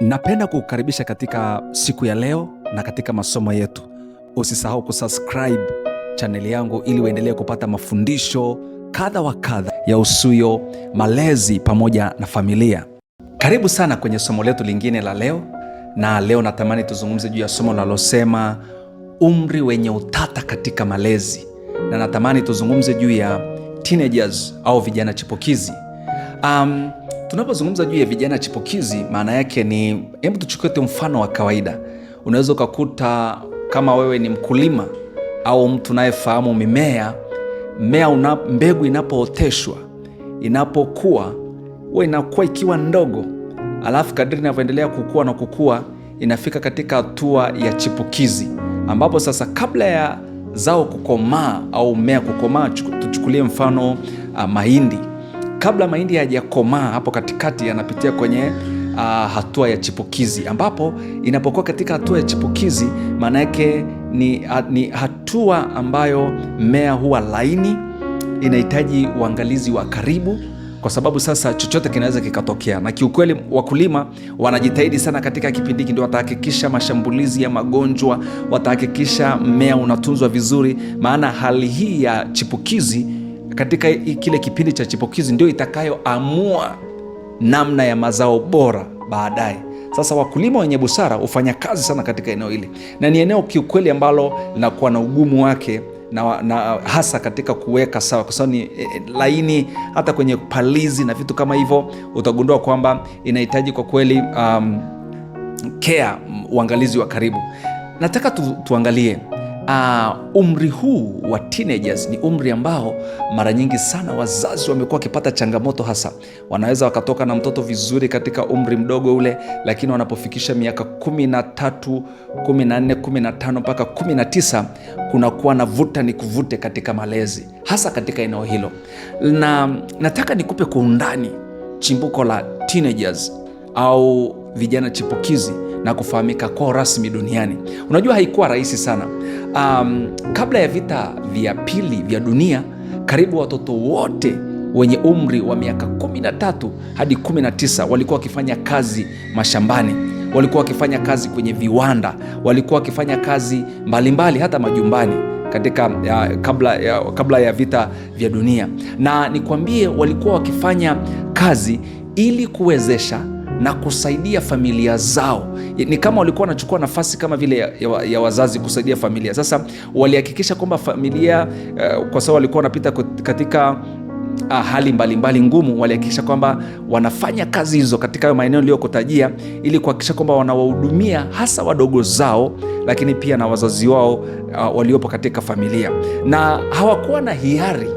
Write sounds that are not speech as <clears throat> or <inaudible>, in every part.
Napenda kukukaribisha katika siku ya leo na katika masomo yetu. Usisahau kusubscribe chaneli yangu ili uendelee kupata mafundisho kadha wa kadha ya usuyo malezi pamoja na familia. Karibu sana kwenye somo letu lingine la leo, na leo natamani tuzungumze juu ya somo linalosema umri wenye utata katika malezi, na natamani tuzungumze juu ya teenagers au vijana chipukizi. Um, Tunapozungumza juu ya vijana chipukizi, maana yake ni, hebu tuchukue tu mfano wa kawaida. Unaweza ukakuta kama wewe ni mkulima au mtu unayefahamu mimea, mmea una, mbegu inapooteshwa, inapokuwa huwa inakuwa ikiwa ndogo, alafu kadiri inavyoendelea kukua na kukua, inafika katika hatua ya chipukizi, ambapo sasa kabla ya zao kukomaa au mmea kukomaa, tuchukulie mfano uh, mahindi kabla mahindi hayajakomaa, hapo katikati yanapitia kwenye uh, hatua ya chipukizi, ambapo inapokuwa katika hatua ya chipukizi, maana yake ni, ah, ni hatua ambayo mmea huwa laini, inahitaji uangalizi wa karibu kwa sababu sasa chochote kinaweza kikatokea, na kiukweli wakulima wanajitahidi sana katika kipindi hiki, ndio watahakikisha mashambulizi ya magonjwa, watahakikisha mmea unatunzwa vizuri, maana hali hii ya chipukizi katika kile kipindi cha chipukizi ndio itakayoamua namna ya mazao bora baadaye. Sasa wakulima wenye busara hufanya kazi sana katika eneo hili, na ni eneo kiukweli ambalo linakuwa na ugumu wake na, na hasa katika kuweka sawa, kwa sababu ni e, e, laini. Hata kwenye palizi na vitu kama hivyo utagundua kwamba inahitaji kwa kweli um, care, uangalizi wa karibu. Nataka tu, tuangalie Uh, umri huu wa teenagers ni umri ambao mara nyingi sana wazazi wamekuwa wakipata changamoto, hasa wanaweza wakatoka na mtoto vizuri katika umri mdogo ule, lakini wanapofikisha miaka 13, 14, 15 mpaka 19 kunakuwa na vuta ni kuvute katika malezi, hasa katika eneo hilo, na nataka nikupe kwa undani chimbuko la teenagers au vijana chipukizi na kufahamika kwao rasmi duniani. Unajua haikuwa rahisi sana. Um, kabla ya vita vya pili vya dunia, karibu watoto wote wenye umri wa miaka 13 hadi 19 walikuwa wakifanya kazi mashambani, walikuwa wakifanya kazi kwenye viwanda, walikuwa wakifanya kazi mbalimbali mbali, hata majumbani katika ya, kabla, ya, kabla ya vita vya dunia, na nikwambie walikuwa wakifanya kazi ili kuwezesha na kusaidia familia zao. Ni kama walikuwa wanachukua nafasi kama vile ya, ya, ya wazazi kusaidia familia. Sasa walihakikisha kwamba familia uh, kwa sababu walikuwa wanapita katika Ah, hali mbalimbali mbali ngumu, walihakikisha kwamba wanafanya kazi hizo katika hayo maeneo niliyokutajia, ili kuhakikisha kwamba wanawahudumia hasa wadogo zao, lakini pia na wazazi wao uh, waliopo katika familia, na hawakuwa na hiari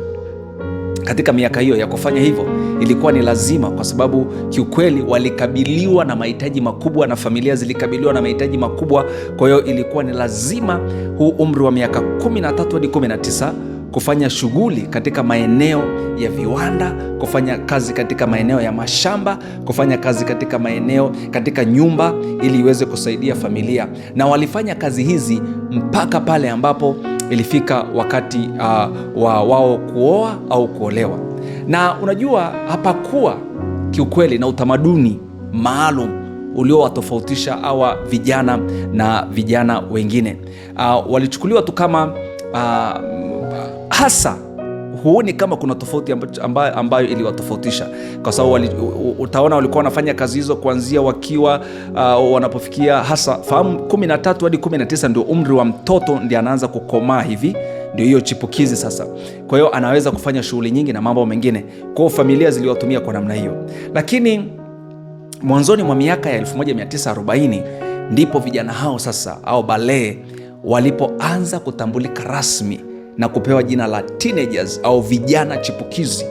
katika miaka hiyo ya kufanya hivyo ilikuwa ni lazima, kwa sababu kiukweli walikabiliwa na mahitaji makubwa na familia zilikabiliwa na mahitaji makubwa. Kwa hiyo ilikuwa ni lazima huu umri wa miaka 13 hadi 19 kufanya shughuli katika maeneo ya viwanda, kufanya kazi katika maeneo ya mashamba, kufanya kazi katika maeneo katika nyumba, ili iweze kusaidia familia, na walifanya kazi hizi mpaka pale ambapo ilifika wakati uh, wa wao kuoa au kuolewa, na unajua hapakuwa kiukweli na utamaduni maalum uliowatofautisha hawa vijana na vijana wengine. Uh, walichukuliwa tu kama uh, hasa huoni kama kuna tofauti ambayo, ambayo iliwatofautisha kwa sababu wali, utaona walikuwa wanafanya kazi hizo kuanzia wakiwa uh, wanapofikia hasa fahamu 13 hadi 19 ndio umri wa mtoto ndi anaanza kukomaa hivi ndio hiyo chipukizi sasa. Kwa hiyo anaweza kufanya shughuli nyingi na mambo mengine, kwa hiyo familia ziliwatumia kwa namna hiyo. Lakini mwanzoni mwa miaka ya 1940 ndipo vijana hao sasa au balee walipoanza kutambulika rasmi na kupewa jina la teenagers au vijana chipukizi,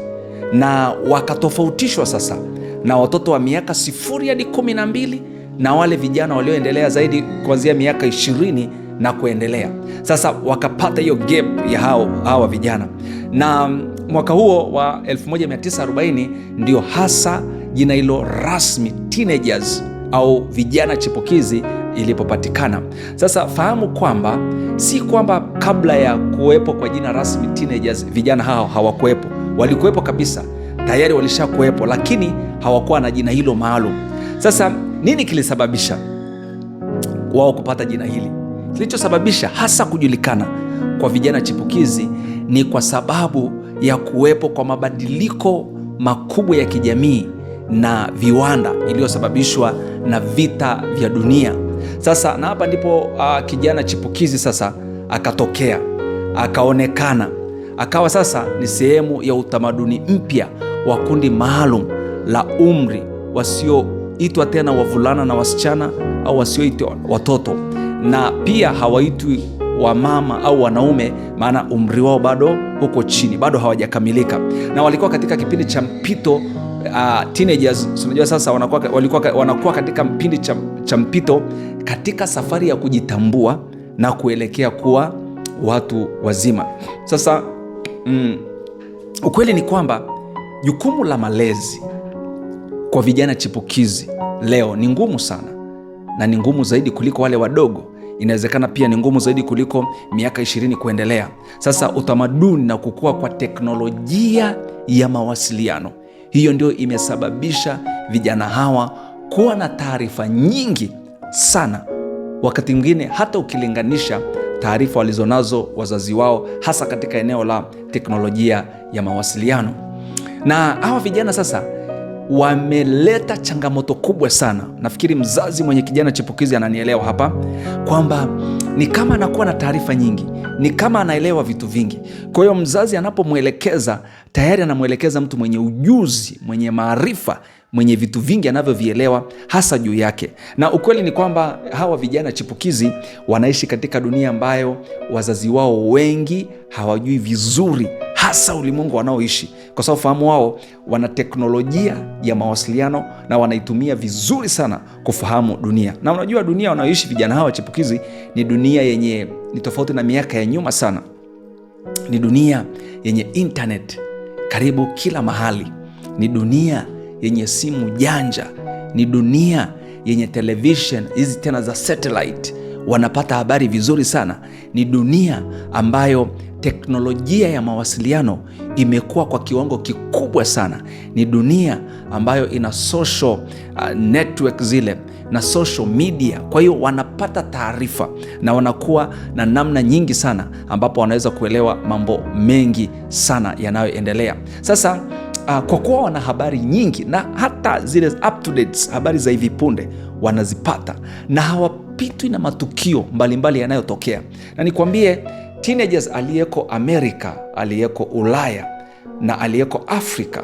na wakatofautishwa sasa na watoto wa miaka sifuri hadi kumi na mbili na wale vijana walioendelea zaidi kuanzia miaka ishirini na kuendelea. Sasa wakapata hiyo gap ya hao hawa vijana, na mwaka huo wa 1940 ndio hasa jina hilo rasmi teenagers au vijana chipukizi ilipopatikana. Sasa fahamu kwamba si kwamba kabla ya kuwepo kwa jina rasmi teenagers, vijana hao hawakuwepo, walikuwepo kabisa, tayari walishakuwepo, lakini hawakuwa na jina hilo maalum. Sasa nini kilisababisha wao kupata jina hili? Kilichosababisha hasa kujulikana kwa vijana chipukizi ni kwa sababu ya kuwepo kwa mabadiliko makubwa ya kijamii na viwanda iliyosababishwa na vita vya dunia sasa na hapa ndipo uh, kijana chipukizi sasa akatokea akaonekana, akawa sasa ni sehemu ya utamaduni mpya wa kundi maalum la umri wasioitwa tena wavulana na wasichana au wasioitwa watoto, na pia hawaitwi wamama au wanaume, maana umri wao bado huko chini, bado hawajakamilika, na walikuwa katika kipindi cha mpito uh, teenagers unajua sasa wanakuwa, walikuwa, wanakuwa katika kipindi cha, cha mpito katika safari ya kujitambua na kuelekea kuwa watu wazima. Sasa mm, ukweli ni kwamba jukumu la malezi kwa vijana chipukizi leo ni ngumu sana na ni ngumu zaidi kuliko wale wadogo inawezekana pia ni ngumu zaidi kuliko miaka ishirini kuendelea. Sasa utamaduni na kukua kwa teknolojia ya mawasiliano hiyo ndio imesababisha vijana hawa kuwa na taarifa nyingi sana, wakati mwingine hata ukilinganisha taarifa walizonazo wazazi wao, hasa katika eneo la teknolojia ya mawasiliano. Na hawa vijana sasa wameleta changamoto kubwa sana. Nafikiri mzazi mwenye kijana chipukizi ananielewa hapa, kwamba ni kama anakuwa na taarifa nyingi, ni kama anaelewa vitu vingi. Kwa hiyo mzazi anapomwelekeza tayari anamwelekeza mtu mwenye ujuzi, mwenye maarifa, mwenye vitu vingi anavyovielewa hasa juu yake. Na ukweli ni kwamba hawa vijana chipukizi wanaishi katika dunia ambayo wazazi wao wengi hawajui vizuri hasa ulimwengu wanaoishi, kwa sababu fahamu wao wana teknolojia ya mawasiliano na wanaitumia vizuri sana kufahamu dunia. Na unajua dunia wanaoishi vijana hawa chipukizi ni dunia yenye, ni tofauti na miaka ya nyuma sana, ni dunia yenye internet karibu kila mahali. Ni dunia yenye simu janja, ni dunia yenye television hizi tena za satellite, wanapata habari vizuri sana. Ni dunia ambayo teknolojia ya mawasiliano imekuwa kwa kiwango kikubwa sana. Ni dunia ambayo ina social uh, network zile na social media. Kwa hiyo wanapata taarifa na wanakuwa na namna nyingi sana ambapo wanaweza kuelewa mambo mengi sana yanayoendelea sasa. Uh, kwa kuwa wana habari nyingi na hata zile up to habari za hivi punde wanazipata na hawapitwi na matukio mbalimbali yanayotokea, na nikwambie teenagers aliyeko Amerika, aliyeko Ulaya na aliyeko Afrika,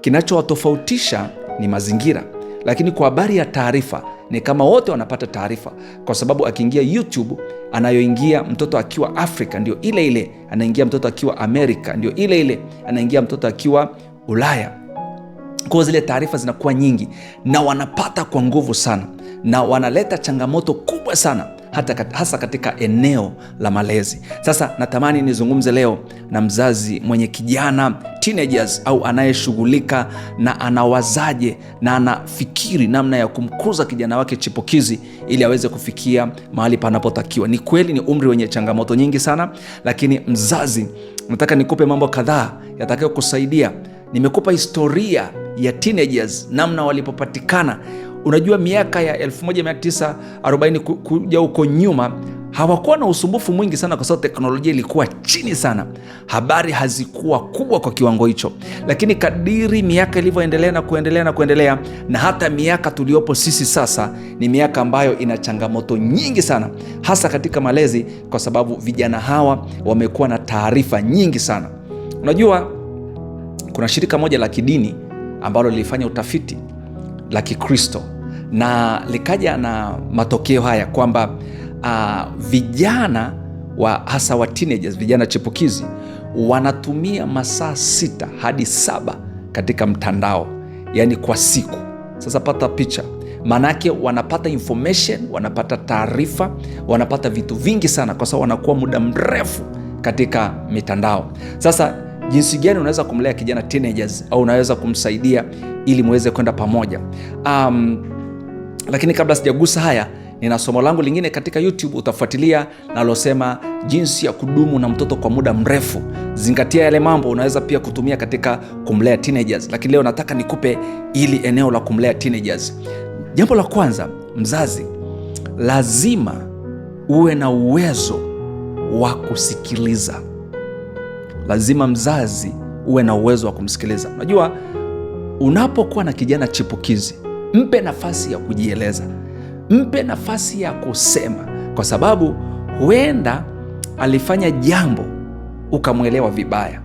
kinachowatofautisha ni mazingira, lakini kwa habari ya taarifa ni kama wote wanapata taarifa, kwa sababu akiingia YouTube anayoingia mtoto akiwa Afrika ndio ile ile anaingia mtoto akiwa Amerika ndio ile ile anaingia mtoto akiwa Ulaya. Kwa zile taarifa zinakuwa nyingi na wanapata kwa nguvu sana, na wanaleta changamoto kubwa sana hata kat, hasa katika eneo la malezi. Sasa natamani nizungumze leo na mzazi mwenye kijana teenagers au anayeshughulika na anawazaje na anafikiri namna ya kumkuza kijana wake chipukizi ili aweze kufikia mahali panapotakiwa. Ni kweli ni umri wenye changamoto nyingi sana, lakini mzazi, nataka nikupe mambo kadhaa yatakayokusaidia. Nimekupa historia ya teenagers, namna walipopatikana Unajua, miaka ya 1940 kuja huko nyuma hawakuwa na usumbufu mwingi sana kwa sababu teknolojia ilikuwa chini sana, habari hazikuwa kubwa kwa kiwango hicho. Lakini kadiri miaka ilivyoendelea na kuendelea na kuendelea, na hata miaka tuliopo sisi sasa, ni miaka ambayo ina changamoto nyingi sana, hasa katika malezi, kwa sababu vijana hawa wamekuwa na taarifa nyingi sana. Unajua, kuna shirika moja la kidini ambalo lilifanya utafiti la Kikristo na likaja na matokeo haya kwamba uh, vijana wa hasa wa teenagers, vijana chipukizi wanatumia masaa sita hadi saba katika mtandao, yani kwa siku. Sasa pata picha, maanake wanapata information, wanapata taarifa, wanapata vitu vingi sana, kwa sababu wanakuwa muda mrefu katika mitandao sasa jinsi gani unaweza kumlea kijana teenagers au unaweza kumsaidia ili muweze kwenda pamoja. Um, lakini kabla sijagusa haya nina somo langu lingine katika YouTube utafuatilia nalosema jinsi ya kudumu na mtoto kwa muda mrefu. Zingatia yale mambo unaweza pia kutumia katika kumlea teenagers, lakini leo nataka nikupe ili eneo la kumlea teenagers. Jambo la kwanza, mzazi lazima uwe na uwezo wa kusikiliza lazima mzazi uwe na uwezo wa kumsikiliza. Unajua, unapokuwa na kijana chipukizi, mpe nafasi ya kujieleza, mpe nafasi ya kusema, kwa sababu huenda alifanya jambo ukamwelewa vibaya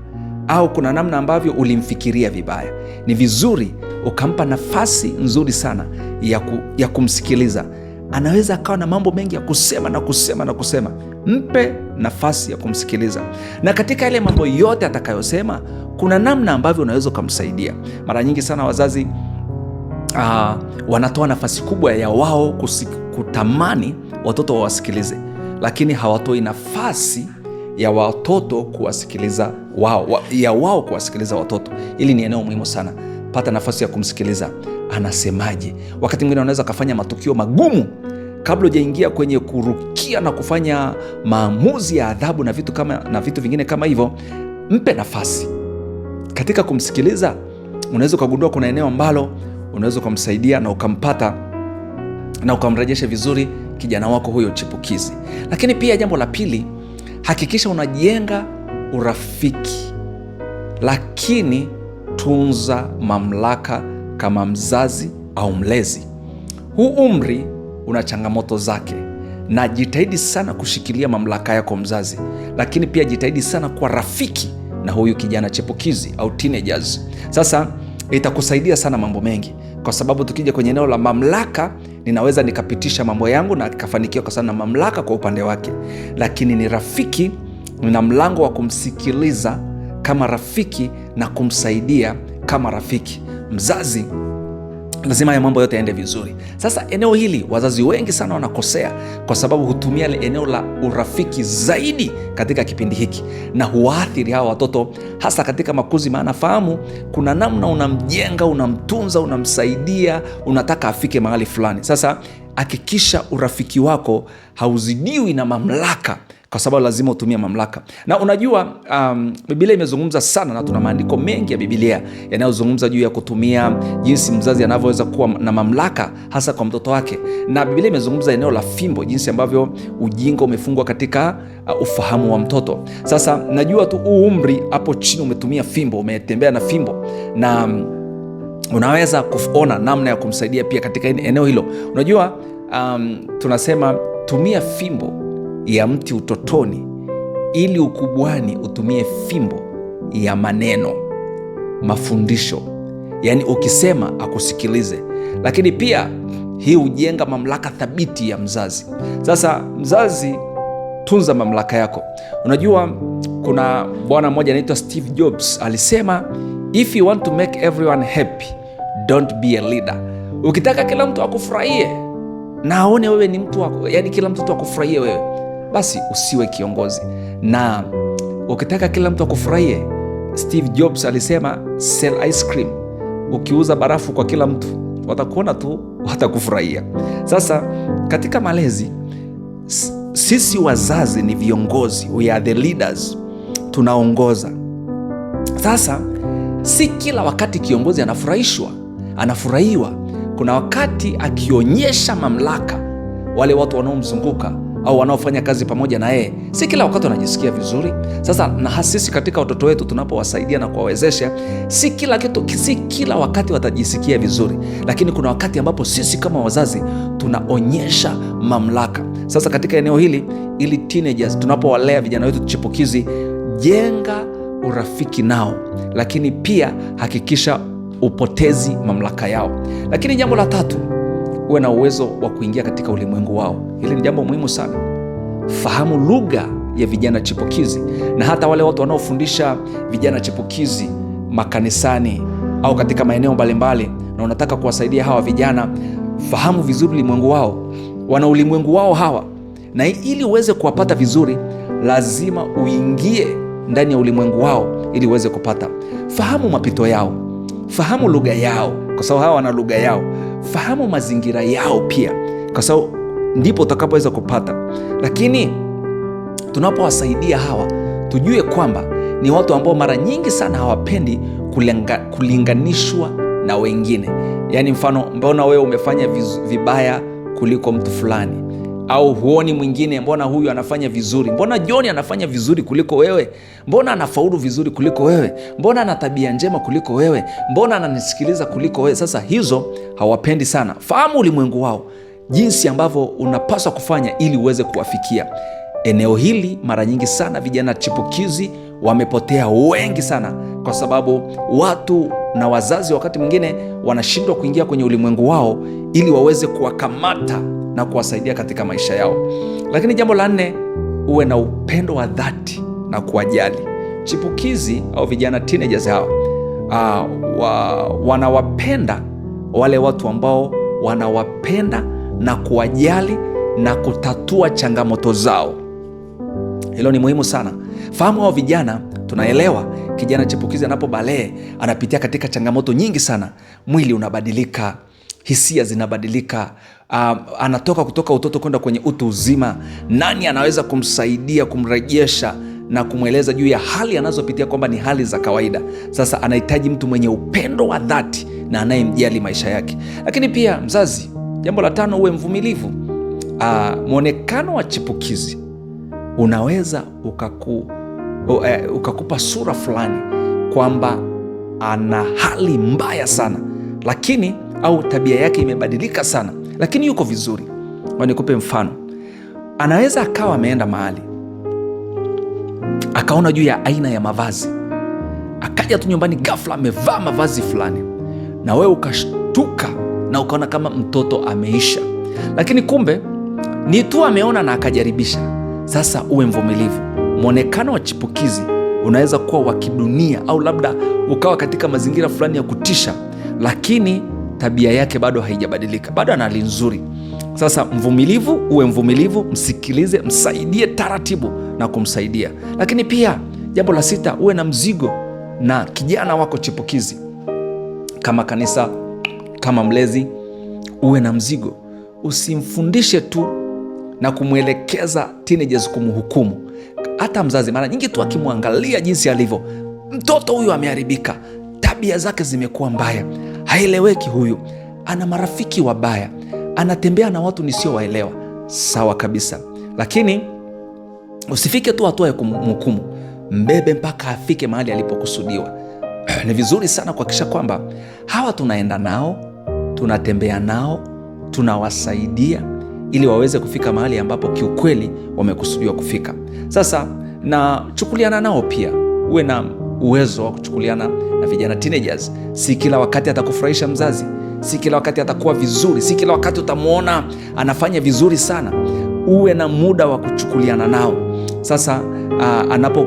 au kuna namna ambavyo ulimfikiria vibaya. Ni vizuri ukampa nafasi nzuri sana ya, ku, ya kumsikiliza anaweza akawa na mambo mengi ya kusema na kusema na kusema. Mpe nafasi ya kumsikiliza, na katika yale mambo yote atakayosema, kuna namna ambavyo unaweza ukamsaidia. Mara nyingi sana wazazi uh, wanatoa nafasi kubwa ya wao kutamani watoto wawasikilize, lakini hawatoi nafasi ya watoto kuwasikiliza wao, ya wao kuwasikiliza watoto. Hili ni eneo muhimu sana. Pata nafasi ya kumsikiliza anasemaje. Wakati mwingine unaweza kafanya matukio magumu kabla hujaingia kwenye kurukia na kufanya maamuzi ya adhabu na vitu, kama, na vitu vingine kama hivyo. Mpe nafasi katika kumsikiliza. Unaweza ukagundua kuna eneo ambalo unaweza ukamsaidia na ukampata na ukamrejesha vizuri kijana wako huyo chipukizi. Lakini pia jambo la pili, hakikisha unajenga urafiki, lakini tunza mamlaka kama mzazi au mlezi. Huu umri una changamoto zake, na jitahidi sana kushikilia mamlaka yako mzazi, lakini pia jitahidi sana kuwa rafiki na huyu kijana chepukizi au teenagers. Sasa itakusaidia sana mambo mengi, kwa sababu tukija kwenye eneo la mamlaka ninaweza nikapitisha mambo yangu na kafanikiwa kwa sana mamlaka kwa upande wake, lakini ni rafiki, nina mlango wa kumsikiliza kama rafiki na kumsaidia kama rafiki mzazi lazima ya mambo yote yaende vizuri. Sasa eneo hili wazazi wengi sana wanakosea, kwa sababu hutumia eneo la urafiki zaidi katika kipindi hiki, na huwaathiri hawa watoto hasa katika makuzi. Maana fahamu, kuna namna unamjenga, unamtunza, unamsaidia, unataka afike mahali fulani. Sasa hakikisha urafiki wako hauzidiwi na mamlaka kwa sababu lazima utumie mamlaka. Na unajua um, Biblia imezungumza sana na tuna maandiko mengi ya Biblia yanayozungumza juu ya kutumia jinsi mzazi anavyoweza kuwa na mamlaka hasa kwa mtoto wake, na Biblia imezungumza eneo la fimbo, jinsi ambavyo ujinga umefungwa katika uh, ufahamu wa mtoto. Sasa najua tu huu umri hapo chini umetumia fimbo, umetembea na fimbo na um, unaweza kuona namna ya kumsaidia pia katika eneo hilo. Unajua um, tunasema tumia fimbo ya mti utotoni, ili ukubwani utumie fimbo ya maneno, mafundisho, yaani ukisema akusikilize. Lakini pia hii hujenga mamlaka thabiti ya mzazi. Sasa mzazi, tunza mamlaka yako. Unajua, kuna bwana mmoja anaitwa Steve Jobs alisema, if you want to make everyone happy don't be a leader. Ukitaka kila mtu akufurahie na aone wewe ni mtu wako, yani kila mtoto akufurahie wewe basi usiwe kiongozi. Na ukitaka kila mtu akufurahie, Steve Jobs alisema sell ice cream, ukiuza barafu kwa kila mtu watakuona tu, watakufurahia. Sasa katika malezi sisi wazazi ni viongozi, we are the leaders, tunaongoza. Sasa si kila wakati kiongozi anafurahishwa anafurahiwa. Kuna wakati akionyesha mamlaka, wale watu wanaomzunguka au wanaofanya kazi pamoja na yeye, si kila wakati wanajisikia vizuri. Sasa na hasisi katika watoto wetu tunapowasaidia na kuwawezesha, si kila kitu, si kila wakati watajisikia vizuri, lakini kuna wakati ambapo sisi kama wazazi tunaonyesha mamlaka. Sasa katika eneo hili, ili teenagers tunapowalea vijana wetu chipukizi, jenga urafiki nao, lakini pia hakikisha upotezi mamlaka yao. Lakini jambo la tatu uwe na uwezo wa kuingia katika ulimwengu wao. Hili ni jambo muhimu sana. Fahamu lugha ya vijana chipukizi, na hata wale watu wanaofundisha vijana chipukizi makanisani au katika maeneo mbalimbali, na unataka kuwasaidia hawa vijana, fahamu vizuri ulimwengu wao. Wana ulimwengu wao hawa, na ili uweze kuwapata vizuri, lazima uingie ndani ya ulimwengu wao ili uweze kupata. Fahamu mapito yao, fahamu lugha yao, kwa sababu hawa wana lugha yao fahamu mazingira yao pia, kwa sababu ndipo utakapoweza kupata. Lakini tunapowasaidia hawa, tujue kwamba ni watu ambao mara nyingi sana hawapendi kulenga, kulinganishwa na wengine. Yaani mfano, mbona wewe umefanya vibaya kuliko mtu fulani au huoni mwingine, mbona huyu anafanya vizuri, mbona John anafanya vizuri kuliko wewe, mbona anafaulu vizuri kuliko wewe, mbona ana tabia njema kuliko wewe, mbona ananisikiliza kuliko wewe. Sasa hizo hawapendi sana. Fahamu ulimwengu wao, jinsi ambavyo unapaswa kufanya ili uweze kuwafikia. Eneo hili mara nyingi sana vijana chipukizi wamepotea wengi sana, kwa sababu watu na wazazi wakati mwingine wanashindwa kuingia kwenye ulimwengu wao ili waweze kuwakamata na kuwasaidia katika maisha yao. Lakini jambo la nne, uwe na upendo wa dhati na kuwajali chipukizi au vijana teenagers hawa. Uh, wa, wanawapenda wale watu ambao wanawapenda na kuwajali na kutatua changamoto zao. Hilo ni muhimu sana. Fahamu hao vijana, tunaelewa kijana chipukizi anapo balee anapitia katika changamoto nyingi sana. Mwili unabadilika, hisia zinabadilika, uh, anatoka kutoka utoto kwenda kwenye utu uzima. Nani anaweza kumsaidia kumrejesha na kumweleza juu ya hali anazopitia kwamba ni hali za kawaida? Sasa anahitaji mtu mwenye upendo wa dhati na anayemjali maisha yake. Lakini pia mzazi, jambo la tano, uwe mvumilivu. Uh, mwonekano wa chipukizi unaweza ukaku, uh, ukakupa sura fulani kwamba ana hali mbaya sana, lakini au tabia yake imebadilika sana, lakini yuko vizuri. Nikupe mfano, anaweza akawa ameenda mahali akaona juu ya aina ya mavazi, akaja tu nyumbani ghafla amevaa mavazi fulani, na wewe ukashtuka na ukaona kama mtoto ameisha, lakini kumbe ni tu ameona na akajaribisha. Sasa uwe mvumilivu. Mwonekano wa chipukizi unaweza kuwa wa kidunia, au labda ukawa katika mazingira fulani ya kutisha, lakini tabia yake bado haijabadilika, bado ana hali nzuri. Sasa mvumilivu, uwe mvumilivu, msikilize, msaidie taratibu na kumsaidia. Lakini pia jambo la sita, uwe na mzigo na kijana wako chipukizi, kama kanisa, kama mlezi, uwe na mzigo. Usimfundishe tu na kumwelekeza teenagers, kumhukumu. Hata mzazi mara nyingi tu akimwangalia jinsi alivyo, mtoto huyu ameharibika, tabia zake zimekuwa mbaya haeleweki huyu, ana marafiki wabaya, anatembea na watu nisiowaelewa. Sawa kabisa, lakini usifike tu hatua ya kumhukumu, mbebe mpaka afike mahali alipokusudiwa. <clears throat> Ni vizuri sana kuhakikisha kwamba hawa tunaenda nao, tunatembea nao, tunawasaidia ili waweze kufika mahali ambapo kiukweli wamekusudiwa kufika. Sasa na chukuliana nao pia, uwe na uwezo wa kuchukuliana na vijana teenagers. Si kila wakati atakufurahisha mzazi, si kila wakati atakuwa vizuri, si kila wakati utamwona anafanya vizuri sana. Uwe na muda wa kuchukuliana nao. Sasa uh, anapo,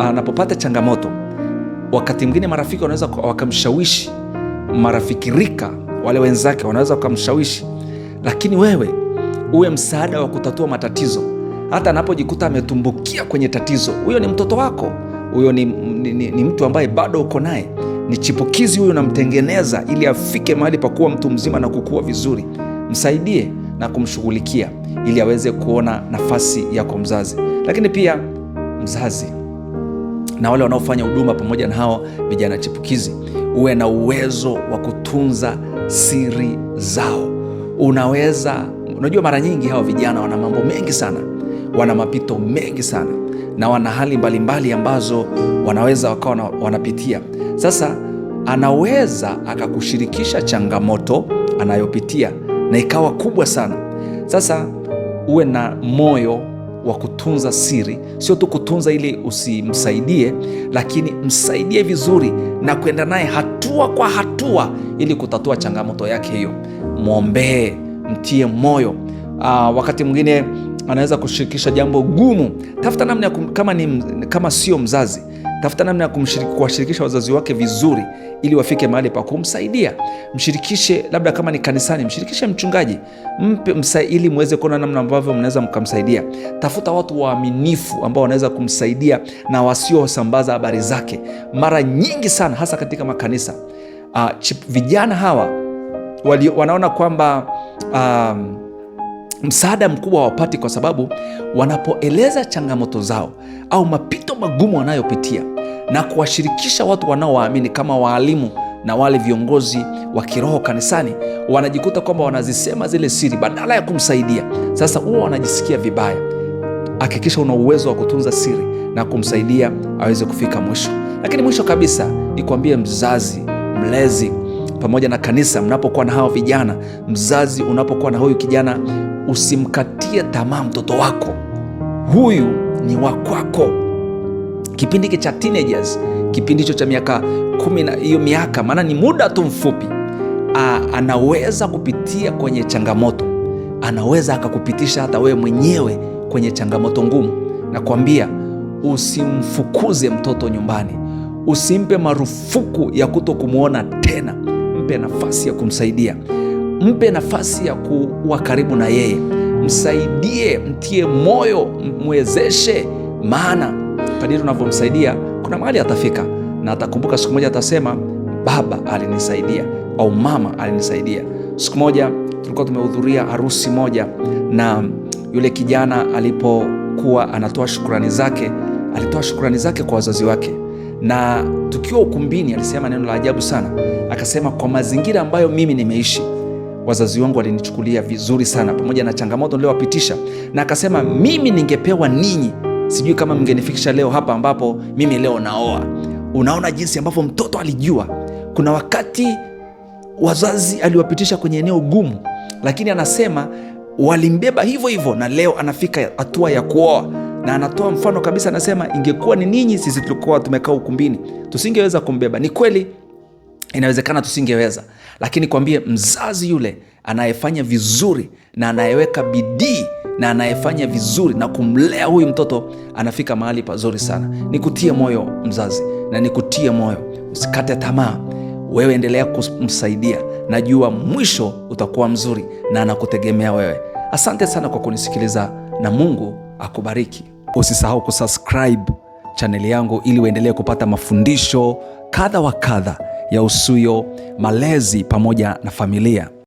anapopata changamoto, wakati mwingine marafiki wanaweza wakamshawishi, marafiki rika wale wenzake wanaweza wakamshawishi, lakini wewe uwe msaada wa kutatua matatizo. Hata anapojikuta ametumbukia kwenye tatizo, huyo ni mtoto wako huyo ni, ni, ni, ni mtu ambaye bado uko naye ni chipukizi huyo, namtengeneza ili afike mahali pakuwa mtu mzima na kukua vizuri. Msaidie na kumshughulikia ili aweze kuona nafasi yako mzazi, lakini pia mzazi na wale wanaofanya huduma pamoja na hawa vijana chipukizi, uwe na uwezo wa kutunza siri zao. Unaweza unajua, mara nyingi hawa vijana wana mambo mengi sana wana mapito mengi sana na wana hali mbalimbali ambazo wanaweza wakawa wanapitia. Sasa anaweza akakushirikisha changamoto anayopitia na ikawa kubwa sana. Sasa uwe na moyo wa kutunza siri, sio tu kutunza ili usimsaidie, lakini msaidie vizuri na kwenda naye hatua kwa hatua ili kutatua changamoto yake hiyo. Mwombee, mtie moyo. Aa, ah, wakati mwingine anaweza kushirikisha jambo gumu. Tafuta namna kama, kama sio mzazi, tafuta namna ya kuwashirikisha wazazi wake vizuri, ili wafike mahali pa kumsaidia. Mshirikishe labda kama ni kanisani, mshirikishe mchungaji, mpe msa, ili mweze kuona namna ambavyo mnaweza mkamsaidia. Tafuta watu waaminifu ambao wanaweza kumsaidia na wasiosambaza habari zake. Mara nyingi sana, hasa katika makanisa, uh, vijana hawa wali, wanaona kwamba uh, msaada mkubwa hawapati kwa sababu wanapoeleza changamoto zao au mapito magumu wanayopitia na kuwashirikisha watu wanaowaamini kama waalimu na wale viongozi wa kiroho kanisani, wanajikuta kwamba wanazisema zile siri badala ya kumsaidia. Sasa huwa wanajisikia vibaya. Hakikisha una uwezo wa kutunza siri na kumsaidia aweze kufika mwisho. Lakini mwisho kabisa, nikwambie mzazi, mlezi pamoja na kanisa, mnapokuwa na hawa vijana, mzazi unapokuwa na huyu kijana, usimkatie tamaa mtoto wako, huyu ni wa kwako. Kipindi hiki cha teenagers, kipindi hicho cha miaka kumi na hiyo miaka, maana ni muda tu mfupi, anaweza kupitia kwenye changamoto, anaweza akakupitisha hata wewe mwenyewe kwenye changamoto ngumu. Nakwambia, usimfukuze mtoto nyumbani, usimpe marufuku ya kuto kumwona tena mpe nafasi ya kumsaidia, mpe nafasi ya kuwa karibu na yeye, msaidie, mtie moyo, mwezeshe, maana kadiri unavyomsaidia kuna mahali atafika na atakumbuka. Siku moja atasema baba alinisaidia au mama alinisaidia. Siku moja tulikuwa tumehudhuria harusi moja, na yule kijana alipokuwa anatoa shukrani zake, alitoa shukrani zake kwa wazazi wake, na tukiwa ukumbini alisema neno la ajabu sana. Akasema kwa mazingira ambayo mimi nimeishi, wazazi wangu walinichukulia vizuri sana, pamoja na changamoto niliowapitisha, na akasema mimi ningepewa ninyi, sijui kama mngenifikisha leo hapa ambapo mimi leo naoa. Unaona jinsi ambavyo mtoto alijua kuna wakati wazazi aliwapitisha kwenye eneo gumu, lakini anasema walimbeba hivyo hivyo, na leo anafika hatua ya kuoa na anatoa mfano kabisa, anasema ingekuwa ni ninyi, sisi tulikuwa tumekaa ukumbini, tusingeweza kumbeba. Ni kweli inawezekana tusingeweza, lakini kwambie mzazi yule anayefanya vizuri na anayeweka bidii na anayefanya vizuri na kumlea huyu mtoto anafika mahali pazuri sana. Nikutie moyo mzazi, na nikutie moyo, usikate tamaa. Wewe endelea kumsaidia, najua mwisho utakuwa mzuri, na anakutegemea wewe. Asante sana kwa kunisikiliza na Mungu akubariki. Usisahau kusubscribe chaneli yangu ili uendelee kupata mafundisho kadha wa kadha ya usuyo, malezi pamoja na familia.